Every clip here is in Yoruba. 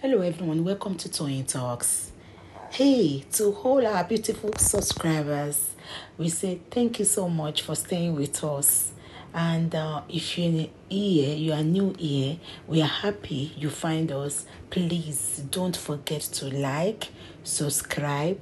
Hello everyone, welcome to Toyeen Talks. Hey, to all our beautiful subscribers, we say thank you so much for staying with us. And uh, if you're here, you are new here, we are happy you find us. Please don't forget to like, subscribe,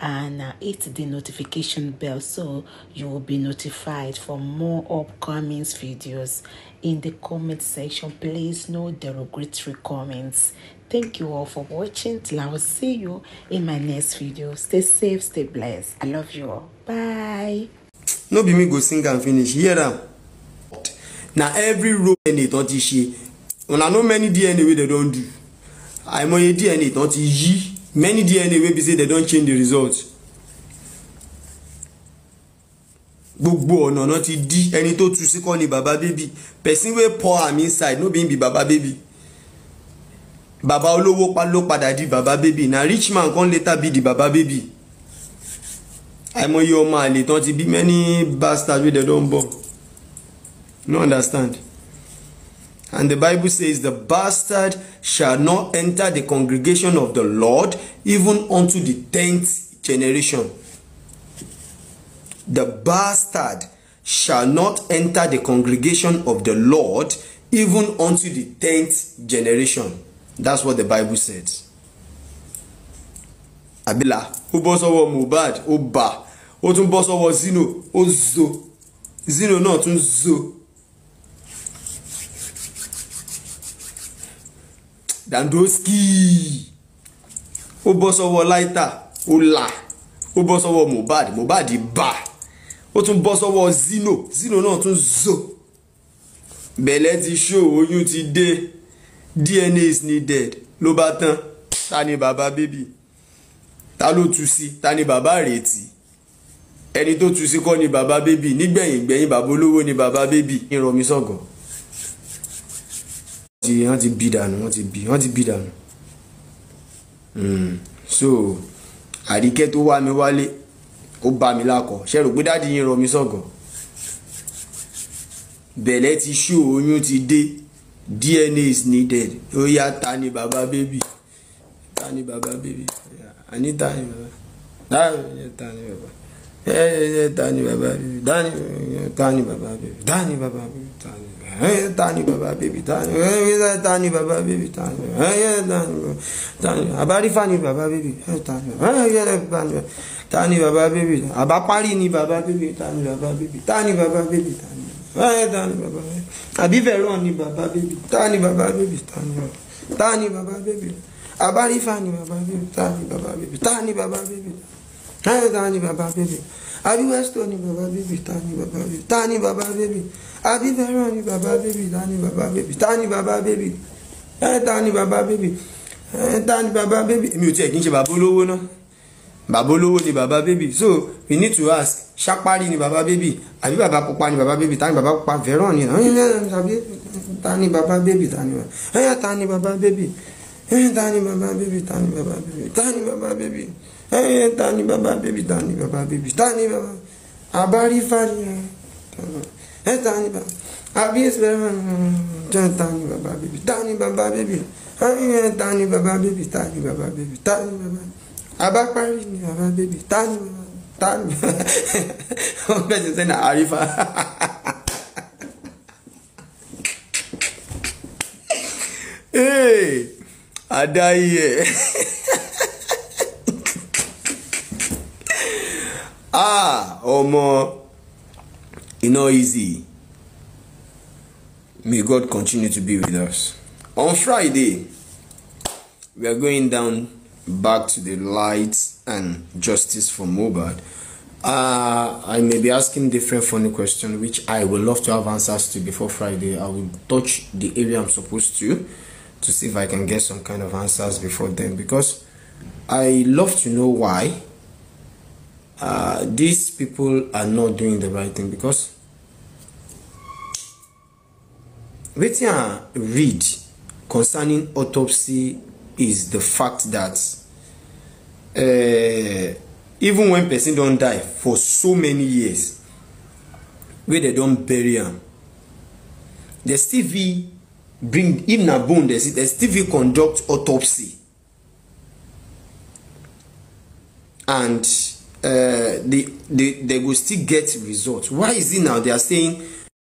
and uh, hit the notification bell so you will be notified for more upcoming videos in the comment section please no derogatory comments thank you all for watching till i will see you in my next video stay safe stay blessed i love you all bye no be me go sing and finish hear am na every road dna don ti ṣe una know many dna wey dem don do àìmọye dna don ti yí many dna wey be say dem don change the result gbogbo ọ̀nà náà ti di ẹni tó tu sí kọ́ ni baba baby person wey pour am inside no be him be baba baby baba olówó ló padà di baba baby na rich man come later be the baba baby àìmọye ọmọ àlè tán ti bí many bastards wey dem don born no understand. And the Bible says, The bastard shall not enter the congregation of the Lord, even unto the tenth generation. The bastard shall not enter the congregation of the Lord, even unto the tenth generation. That's what the Bible says. Abila, ó bọ́ sọ́wọ́ Mohbad, ó bà, ó tún bọ́ sọ́wọ́ Zino, ó zo, Zino náà tún zo. Dandoski ó bọ́ sọ́wọ́ láìta ó là ó bọ́ sọ́wọ́ Mohbad Mohbad bá ó tún bọ́ sọ́wọ́ Zino Zino náà tún zo bẹ̀lẹ́ ti ṣó oyún ti dé DNA is needed ló bá tán ta ni bàbá bébì ta ló tu sí ta ni bàbá rètí ẹni tó tu sí kọ́ ni bàbá bébì nígbẹ̀yìn gbẹ̀yìn bàbá olówó ni bàbá bébì ìrànmísọ̀gàn ti wọ́n ti bí dànù wọ́n ti bí wọ́n ti bí dànù hmm. so àríkẹ́ tó wá mi wálé ó bá mi lákọ̀ ṣe rò pé dáàdi yín rọ mi sọ̀gàn bẹ̀lẹ̀ ti ṣú oyún ti dé DNA is needed ó yá ta ni bàbá bébì ta ni bàbá bébì àní ni bàbá ta ni bàbá. Tani Baba Baby, Tani, Tani Baba Baby, Tani Baba Baby, Tani. Hey, Tani Baba Baby, Tani. Hey, Tani Baba Baby, Tani. Hey, Tani, Tani. Abari Fani Baba Baby, Hey, Tani. Hey, Tani, Tani Baba Baby. Abapari ni Baba Baby, Tani Baba Baby, Tani Baba Baby, Tani. Hey, Tani Baba Baby. Abiveron ni Baba Baby, Tani Baba Baby, Tani. Tani Baba Baby. Abari Fani Baba Baby, Tani Baba Baby, Tani Baba Baby. Hey, ta ni bàbá bèbè àbí western ni bàbá bèbè ta ni bàbá bèbè ta ni bàbá bèbè àbí fẹ́ràn ni bàbá tani ta ni bàbá bèbè ta ni bàbá bèbè ẹ ta ni bàbá bèbè ẹ ta ni bàbá bèbè èmi ò tiẹ̀ ni bàbá bèbè so we need to ask ṣápárí ni bàbá bèbè àbí bàbá pupa ni bàbá bèbè ta ni bàbá pupa fẹ́ràn ni ta ni bàbá Tani. Hey, tani bàbá bèbè Hey, Danny Baba baby, Danny Baba baby, Danny Baba baby. Hey, Danny Baba baby, Danny Baba baby, Danny Baba. Abari Fani. Hey, Danny Baba. Abiyes Baba. Danny Baba baby, Danny Baba baby. Hey, Danny Baba baby, Danny Baba baby, Danny Baba. Abapari ni Baba baby, Danny Baba. Danny. I'm going to say na Arifa. Hey! I die here. ah, Omo, you know, easy. May God continue to be with us. On Friday, we are going down back to the lights and justice for Mobad. Uh, ah, I may be asking different funny questions, which I would love to have answers to before Friday. I will touch the area I'm supposed to to see if I can get some kind of answers before then because I love to know why uh, these people are not doing the right thing because waiting I read concerning autopsy is the fact that uh, even when person don't die for so many years where they don't bury them, they still be bring if na bone dem see dem still fit conduct autopsy and uh, they they they go still get result why is it now they are saying